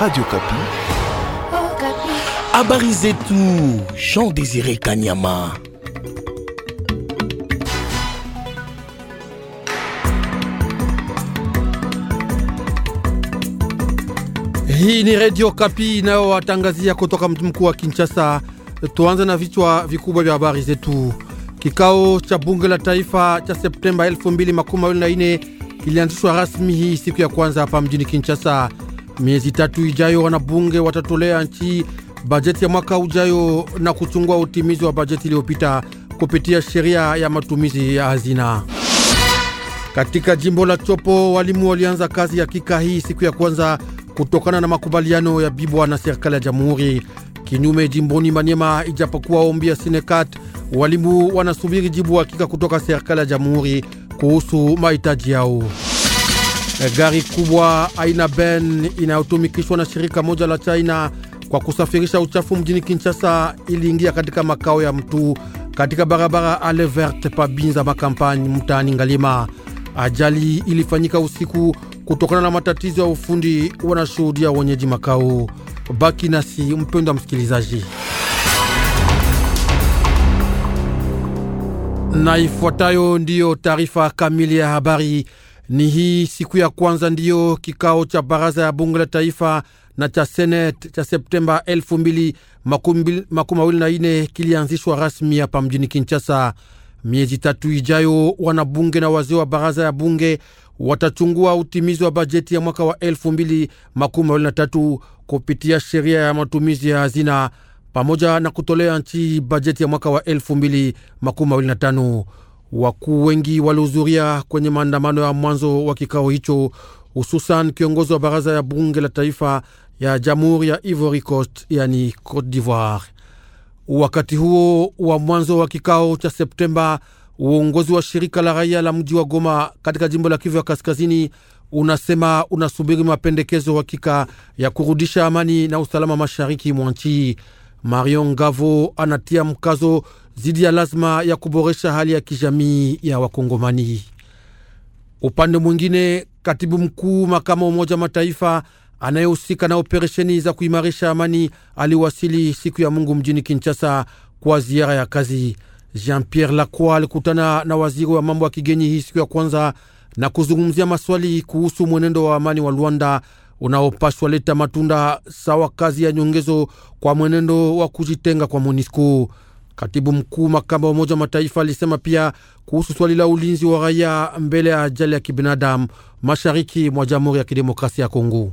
Radio Kapi. Oh, Kapi. Habari zetu Jean Désiré Kanyama. Hii ni Radio Kapi atangazia kutoka mji mkuu wa Kinshasa. Tuanze na vichwa vikubwa vya habari zetu. Kikao cha bunge la taifa cha Septemba 2024 kilianzishwa rasmi hii siku ya kwanza hapa mjini Kinshasa. Miezi tatu ijayo, wanabunge watatolea nchi bajeti ya mwaka ujayo na kuchungua utimizi wa bajeti iliyopita kupitia sheria ya matumizi ya hazina. Katika jimbo la Chopo, walimu walianza kazi hakika hii siku ya kwanza kutokana na makubaliano ya Bibwa na serikali ya Jamhuri. Kinyume jimboni Maniema, ijapokuwa ombi ya Sinekat, walimu wanasubiri jibu hakika kutoka serikali ya Jamhuri kuhusu mahitaji yao. Eh, gari kubwa aina Ben inayotumikishwa na shirika moja la China kwa kusafirisha uchafu mjini Kinshasa iliingia katika makao ya mtu katika barabara Aleverte Pabinza makampani mtaani Ngalima. Ajali ilifanyika usiku kutokana na matatizo ya ufundi, wanashuhudia wenyeji makao. Baki nasi mpendwa msikilizaji, na ifuatayo ndiyo taarifa kamili ya habari. Ni hii siku ya kwanza ndiyo kikao cha baraza ya bunge la taifa na cha seneti cha Septemba 2024 kilianzishwa rasmi hapa mjini Kinshasa. Miezi tatu ijayo, wanabunge na wazee wa baraza ya bunge watachungua utimizi wa bajeti ya mwaka wa 2023 kupitia sheria ya matumizi ya hazina pamoja na kutolea nchi bajeti ya mwaka wa 2025. Wakuu wengi walihudhuria kwenye maandamano ya mwanzo wa kikao hicho, hususan kiongozi wa baraza ya bunge la taifa ya jamhuri ya Ivory Coast, yani Cote d'Ivoire. Wakati huo wa mwanzo wa kikao cha Septemba, uongozi wa shirika la raia la mji wa Goma katika jimbo la Kivu ya kaskazini unasema unasubiri mapendekezo hakika ya kurudisha amani na usalama mashariki mwa nchi. Marion Gavo anatia mkazo dhidi ya lazima ya kuboresha hali ya kijamii ya Wakongomani. Upande mwingine, katibu mkuu makama Umoja Mataifa anayehusika na operesheni za kuimarisha amani aliwasili siku ya Mungu mjini Kinshasa kwa ziara ya kazi. Jean-Pierre Lacroix alikutana na waziri wa mambo ya kigeni hii siku ya kwanza na kuzungumzia maswali kuhusu mwenendo wa amani wa Luanda unaopashwa leta matunda sawa kazi ya nyongezo kwa mwenendo wa kujitenga kwa MONUSCO. Katibu mkuu makamba wa Umoja wa Mataifa alisema pia kuhusu swali la ulinzi wa raia mbele ya ajali ya kibinadamu mashariki mwa Jamhuri ya Kidemokrasia ya Kongo.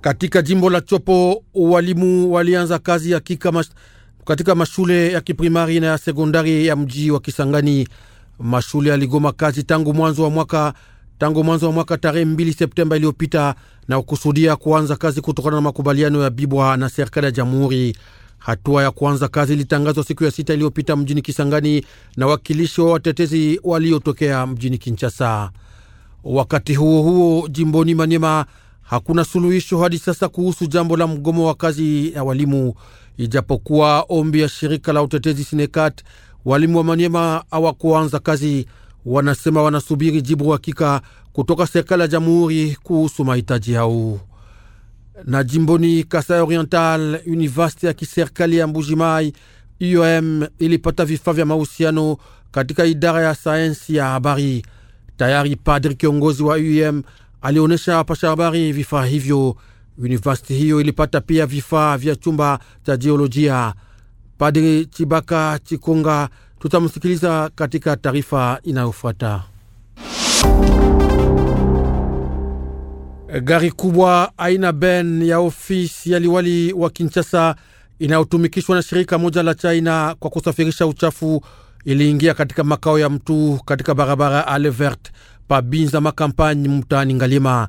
Katika jimbo la Chopo walimu walianza kazi ya kika mash... katika mashule ya kiprimari na ya sekondari ya mji wa Kisangani. Mashule yaligoma kazi tangu mwanzo wa mwaka tangu mwanzo wa mwaka tarehe 2 Septemba iliyopita na kukusudia kuanza kazi kutokana na makubaliano ya Bibwa na serikali ya jamhuri. Hatua ya kuanza kazi ilitangazwa siku ya sita iliyopita mjini Kisangani na wakilishi wa watetezi waliotokea mjini Kinshasa. Wakati huo huo, jimboni manyema hakuna suluhisho hadi sasa kuhusu jambo la mgomo wa kazi ya walimu, ijapokuwa ombi ya shirika la utetezi Sinekat, walimu wa manyema hawakuanza kazi wanasema wanasubiri jibu hakika kutoka serikali ya jamhuri kuhusu mahitaji yao. Na jimboni Kasai Oriental, universite ya kiserikali ya Mbujimai UOM ilipata vifaa vya mahusiano katika idara ya sayensi ya habari. Tayari padri kiongozi wa UOM alionyesha wapasha habari vifaa hivyo. Universiti hiyo ilipata pia vifaa vya chumba cha jiolojia. Padri Chibaka Chikonga Tutamsikiliza katika taarifa inayofuata. Gari kubwa aina ben ya ofisi ya liwali wa Kinshasa inayotumikishwa na shirika moja la China kwa kusafirisha uchafu iliingia katika makao ya mtu katika barabara Alevert Pabinza Makampani mtaani Ngalima.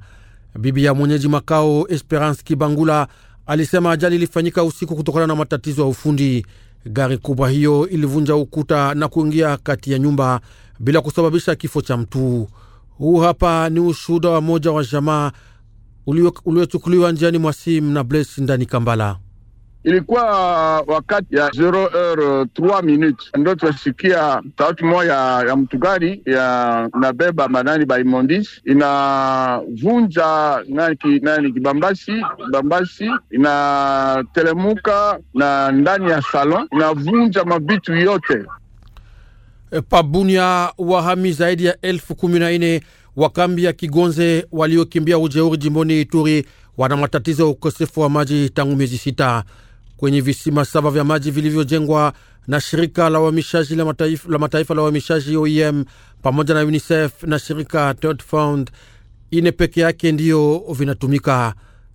Bibi ya mwenyeji makao Esperance Kibangula alisema ajali ilifanyika usiku kutokana na matatizo ya ufundi. Gari kubwa hiyo ilivunja ukuta na kuingia kati ya nyumba bila kusababisha kifo cha mtu. Huu hapa ni ushuhuda wa moja wa jamaa uliochukuliwa njiani mwa Sim na Bles ndani Kambala. Ilikuwa uh, wakati ya 0 3 uh, minutes ndo tunasikia sauti moja ya, mtugari mtu gari ya nabeba manani ba inavunja nani, nani kibambasi bambasi inatelemuka na ndani ya salon inavunja mabitu yote. E, Pabunia wahami zaidi ya elfu kumi na nne wa kambi ya Kigonze waliokimbia ujeuri jimboni Ituri wana matatizo ya ukosefu wa maji tangu miezi sita kwenye visima saba vya maji vilivyojengwa na shirika la uhamishaji la mataifa la mataifa la uhamishaji OIM e pamoja na UNICEF na shirika Third Fund ine peke yake ndiyo vinatumika,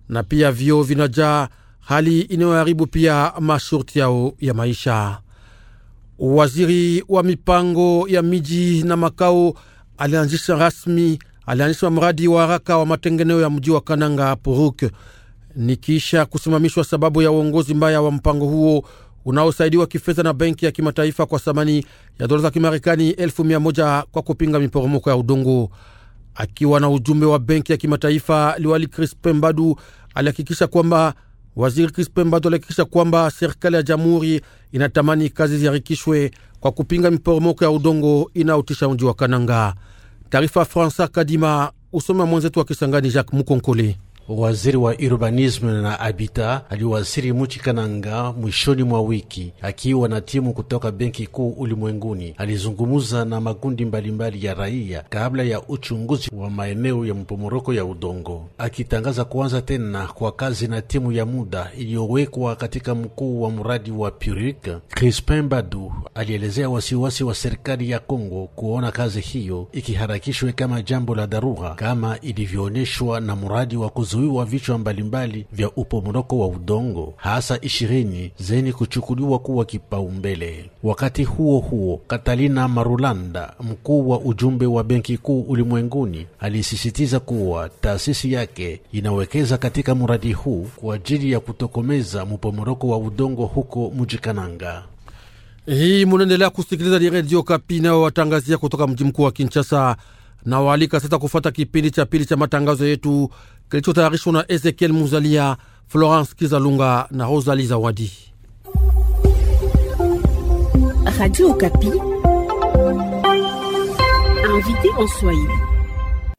na pia vyoo vinajaa, hali inayoharibu pia masharti yao ya maisha. Waziri wa mipango ya miji na makao alianzisha rasmi alianzisha mradi wa haraka wa matengeneo ya mji wa Kananga Puruk ni kisha kusimamishwa sababu ya uongozi mbaya wa mpango huo unaosaidiwa kifedha na benki ya kimataifa kwa thamani ya dola za Kimarekani elfu mia moja kwa kupinga miporomoko ya udongo. Akiwa na ujumbe wa benki ya kimataifa, liwali Crispe Mbadu alihakikisha kwamba waziri Crispe Mbadu alihakikisha kwamba serikali ya jamhuri inatamani kazi ziharikishwe kwa kupinga miporomoko ya udongo inayotisha mji wa Kananga. Taarifa Fransa Kadima, usome mwenzetu wa Kisangani, Jacques Mukonkole waziri wa urbanism na abita aliwasiri muchi Kananga mwishoni mwa wiki akiwa na timu kutoka benki kuu ulimwenguni. Alizungumuza na makundi mbalimbali ya raia kabla ya uchunguzi wa maeneo ya mpomoroko ya udongo, akitangaza kuanza tena kwa kazi na timu ya muda iliyowekwa katika mkuu wa mradi wa Purik. Crispin Badu alielezea wasiwasi wa serikali ya Kongo kuona kazi hiyo ikiharakishwe kama jambo la dharura kama ilivyoonyeshwa na mradi wa kuzu kuzuiwa vichwa mbalimbali vya upomoroko wa udongo, hasa ishirini zeni kuchukuliwa kuwa kipaumbele. Wakati huo huo, Katalina Marulanda, mkuu wa ujumbe wa Benki Kuu ulimwenguni, alisisitiza kuwa taasisi yake inawekeza katika mradi huu kwa ajili ya kutokomeza mupomoroko wa udongo huko Mujikananga. Hii munaendelea kusikiliza ni Redio Kapi inayowatangazia kutoka mji mkuu wa Kinshasa nawaalika sasa kufata kipindi cha pili cha matangazo yetu kilichotayarishwa na Ezekiel Muzalia, Florence Kizalunga na Rosali Zawadi. Radio Okapi, invité en Swahili.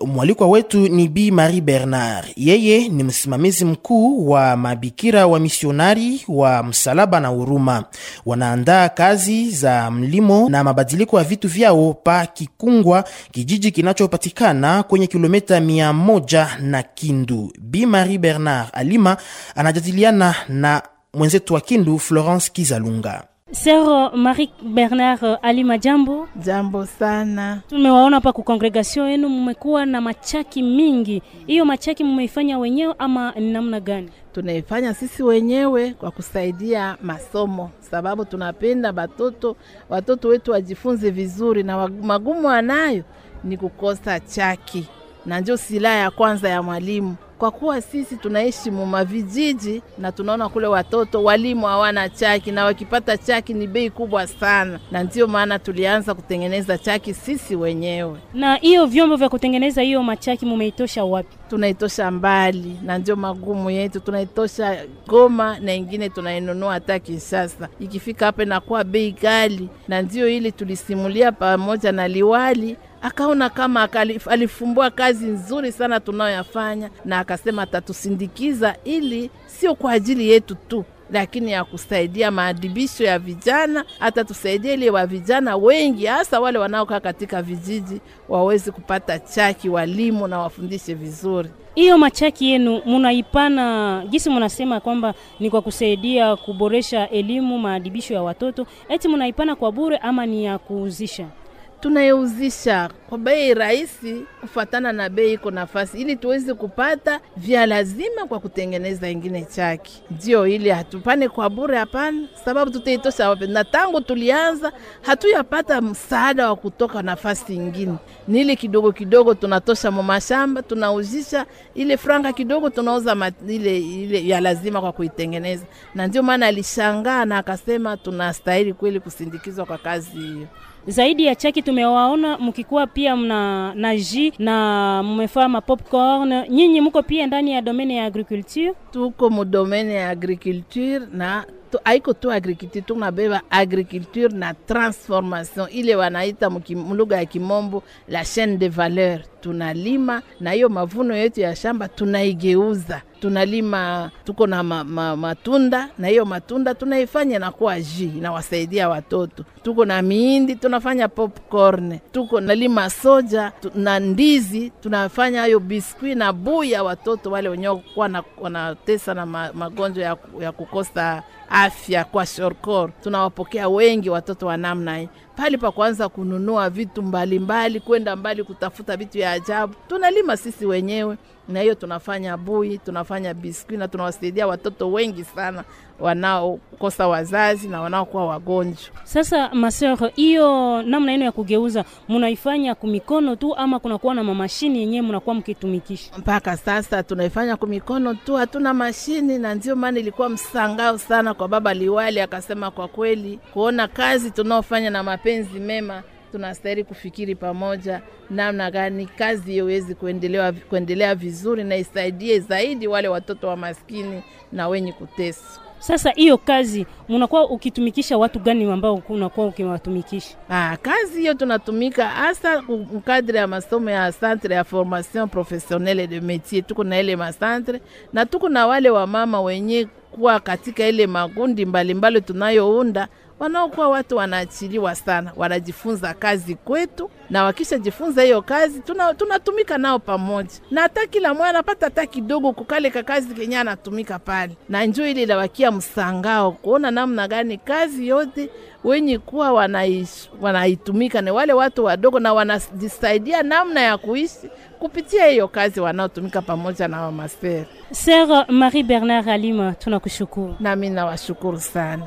Mwalikwa wetu ni Bi Marie Bernard, yeye ni msimamizi mkuu wa mabikira wa misionari wa msalaba na huruma. Wanaandaa kazi za mlimo na mabadiliko ya vitu vyao pa Kikungwa, kijiji kinachopatikana kwenye kilomita mia moja na Kindu. Bi Marie Bernard Alima anajadiliana na mwenzetu wa Kindu Florence Kizalunga. Sero euh, Marie Bernard euh, Ali, majambo. Jambo sana. Tumewaona hapa ku congregation yenu, mmekuwa na machaki mingi. Hiyo machaki mmeifanya wenyewe ama ni namna gani? Tunaifanya sisi wenyewe kwa kusaidia masomo, sababu tunapenda batoto watoto wetu wajifunze vizuri, na magumu anayo ni kukosa chaki, na ndio silaha ya kwanza ya mwalimu kwa kuwa sisi tunaishi muma vijiji na tunaona kule watoto walimu hawana chaki, na wakipata chaki ni bei kubwa sana, na ndiyo maana tulianza kutengeneza chaki sisi wenyewe. Na hiyo vyombo vya kutengeneza hiyo machaki mumeitosha wapi? Tunaitosha mbali, na ndio magumu yetu, tunaitosha Goma na ingine tunainunua hata Kinshasa, ikifika hapa inakuwa bei ghali, na ndio ili tulisimulia pamoja na liwali akaona kama alifumbua kazi nzuri sana tunayoyafanya, na akasema atatusindikiza, ili sio kwa ajili yetu tu, lakini ya kusaidia maadibisho ya vijana, hata tusaidia ili wa vijana wengi, hasa wale wanaokaa katika vijiji, waweze kupata chaki, walimu na wafundishe vizuri. Hiyo machaki yenu munaipana jisi munasema kwamba ni kwa kusaidia kuboresha elimu maadibisho ya watoto, eti munaipana kwa bure ama ni ya kuuzisha? tunayeuzisha kwa bei rahisi kufuatana na bei iko nafasi, ili tuweze kupata vya lazima kwa kutengeneza ingine chake. Ndio ili hatupane kwa bure, hapana, sababu tutaitosha wapi? Na tangu tulianza hatuyapata msaada wa kutoka nafasi ingine, ni ile kidogo kidogo tunatosha mu mashamba, tunauzisha ile franga kidogo, tunauza ile, ile ya lazima kwa kuitengeneza. Na ndio maana alishangaa na akasema tunastahili kweli kusindikizwa kwa kazi hiyo. Zaidi ya chaki tumewaona mkikuwa pia mna na ji na mmefaa ma popcorn. Nyinyi mko pia ndani ya domaine ya agriculture? Tuko mu domaine ya agriculture na aiko tu agriculture tunabeba agriculture na transformation ile wanaita mlugha ya kimombo la chaine de valeur. Tunalima na hiyo mavuno yetu ya shamba tunaigeuza, tunalima tuko na ma, ma, matunda na hiyo matunda tunaifanya na kuwa ji inawasaidia watoto. Tuko na miindi tunafanya popcorn, tuko nalima soja tu, na ndizi tunafanya hayo biskwi na buya, watoto wale wenyewe kuwa wanatesa na magonjwa ya, ya kukosa afya kwa Shorkor. Tunawapokea wengi watoto wa namna hii pali pa kuanza kununua vitu mbalimbali, kwenda mbali kutafuta vitu ya ajabu. Tunalima sisi wenyewe na hiyo tunafanya bui, tunafanya biskwi na tunawasaidia watoto wengi sana wanaokosa wazazi na wanaokuwa wagonjwa. Sasa maseur, hiyo namna yenu ya kugeuza munaifanya kumikono tu ama kunakuwa na mamashini yenyewe mnakuwa mkitumikisha? Mpaka sasa tunaifanya kumikono tu, hatuna mashini, na ndio maana ilikuwa msangao sana kwa baba liwali, akasema kwa kweli kuona kazi tunaofanya na mapenzi mema tunastahili kufikiri pamoja namna gani kazi hiyo iwezi kuendelea, kuendelea vizuri na isaidie zaidi wale watoto wa maskini na wenye kuteswa. Sasa hiyo kazi munakuwa ukitumikisha watu gani ambao unakuwa ukiwatumikisha? Ah, kazi hiyo tunatumika hasa mkadri ya masomo ya centre ya formation professionnelle de métier. Tuko na ile masantre na tuko na wale wamama wenye kuwa katika ile magundi mbalimbali tunayounda wanaokuwa watu wanaachiliwa sana, wanajifunza kazi kwetu, na wakishajifunza hiyo kazi tunatumika tuna nao pamoja, na hata kila mwana anapata hata kidogo kukaleka kazi kenye anatumika pale, na njo ile lawakia msangao kuona namna gani kazi yote wenye kuwa wanaitumika wana ni wale watu wadogo, na wanajisaidia namna ya kuishi kupitia hiyo kazi wanaotumika pamoja na wamasera. Sera Marie Bernard Alima, tunakushukuru. Nami nawashukuru sana.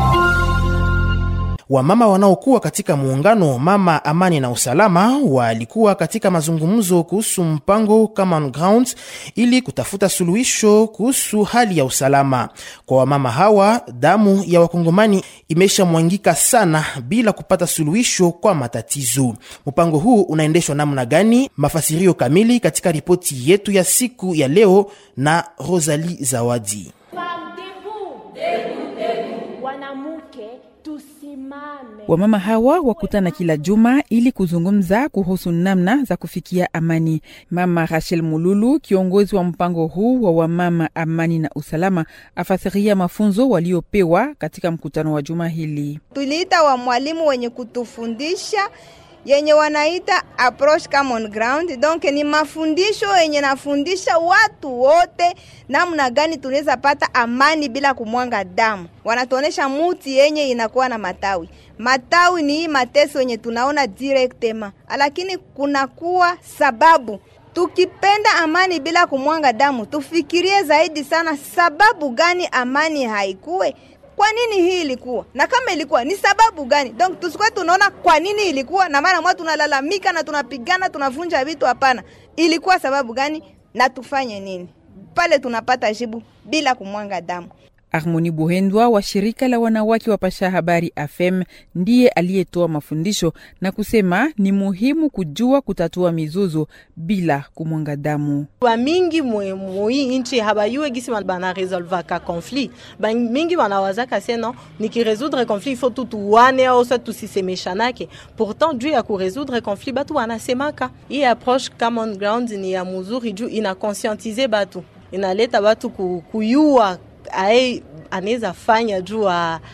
Wamama wanaokuwa katika muungano Mama Amani na Usalama walikuwa katika mazungumzo kuhusu mpango Common Ground ili kutafuta suluhisho kuhusu hali ya usalama. Kwa wamama hawa, damu ya wakongomani imeshamwangika sana bila kupata suluhisho kwa matatizo. Mpango huu unaendeshwa namna gani? Mafasirio kamili katika ripoti yetu ya siku ya leo na rosali Zawadi. Wamama hawa wakutana kila juma ili kuzungumza kuhusu namna za kufikia amani. Mama Rachel Mululu, kiongozi wa mpango huu wa wamama amani na usalama, afasiria mafunzo waliopewa katika mkutano wa juma hili. Tuliita wa mwalimu wenye kutufundisha yenye wanaita approach common ground. Donc ni mafundisho yenye nafundisha watu wote namna gani tunaweza pata amani bila kumwanga damu. Wanatuonesha muti yenye inakuwa na matawi. Matawi ni hii mateso yenye tunaona direktema, lakini kunakuwa sababu Tukipenda amani bila kumwanga damu, tufikirie zaidi sana sababu gani amani haikuwe. Kwa nini hii ilikuwa na kama ilikuwa ni sababu gani? Donc tusikuwe tunaona kwa nini ilikuwa na maana mwa tunalalamika na tunapigana tunavunja vitu. Hapana, ilikuwa sababu gani na tufanye nini? Pale tunapata jibu bila kumwanga damu. Harmoni Buhendwa wa shirika la wanawake wa Pasha Habari AFEM ndiye aliyetoa mafundisho na kusema ni muhimu kujua kutatua mizozo bila kumwanga damu. Bamingi muhii nchi habayue gisi banaresolvaka konflit, bamingi banawazaka seno nikiresoudre konflit ifo tu tuwane au sa tusisemeshanake. Pourtant juu ya kuresoudre konflit batu wanasemaka. Hii approche common ground ni ya muzuri juu inakonsientize batu, inaleta batu kuyua aye anaweza fanya juu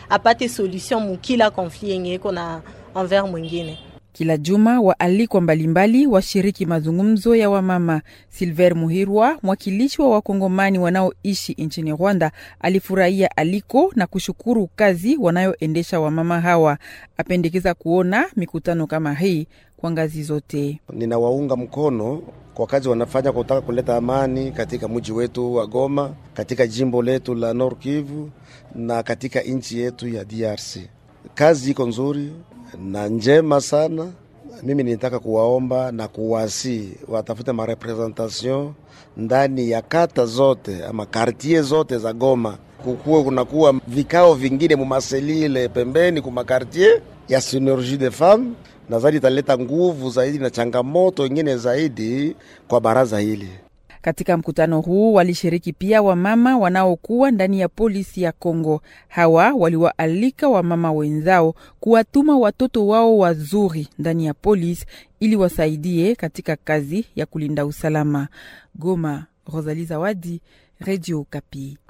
apate solution mukila konfli yenye iko na envers mwingine. Kila juma waalikwa mbalimbali washiriki mazungumzo ya wamama. Silver Muhirwa, mwakilishi wa wakongomani wanaoishi nchini Rwanda, alifurahia aliko na kushukuru kazi wanayoendesha wamama hawa. Apendekeza kuona mikutano kama hii kwa ngazi zote. Ninawaunga mkono kwa kazi wanafanya kwa kutaka kuleta amani katika mji wetu wa Goma, katika jimbo letu la Nord Kivu na katika nchi yetu ya DRC. Kazi iko nzuri na njema sana. Mimi nitaka kuwaomba na kuwasi watafute marepresentation ndani ya kata zote ama kartie zote za Goma, kukuwe kunakuwa vikao vingine mumaselile pembeni kumakartie ya Synergie de femme nadhani italeta nguvu zaidi na changamoto ingine zaidi kwa baraza hili. Katika mkutano huu walishiriki pia wamama wanaokuwa ndani ya polisi ya Kongo. Hawa waliwaalika wamama wenzao kuwatuma watoto wao wazuri ndani ya polisi ili wasaidie katika kazi ya kulinda usalama. Goma, Rosalie Zawadi, Radio Kapi.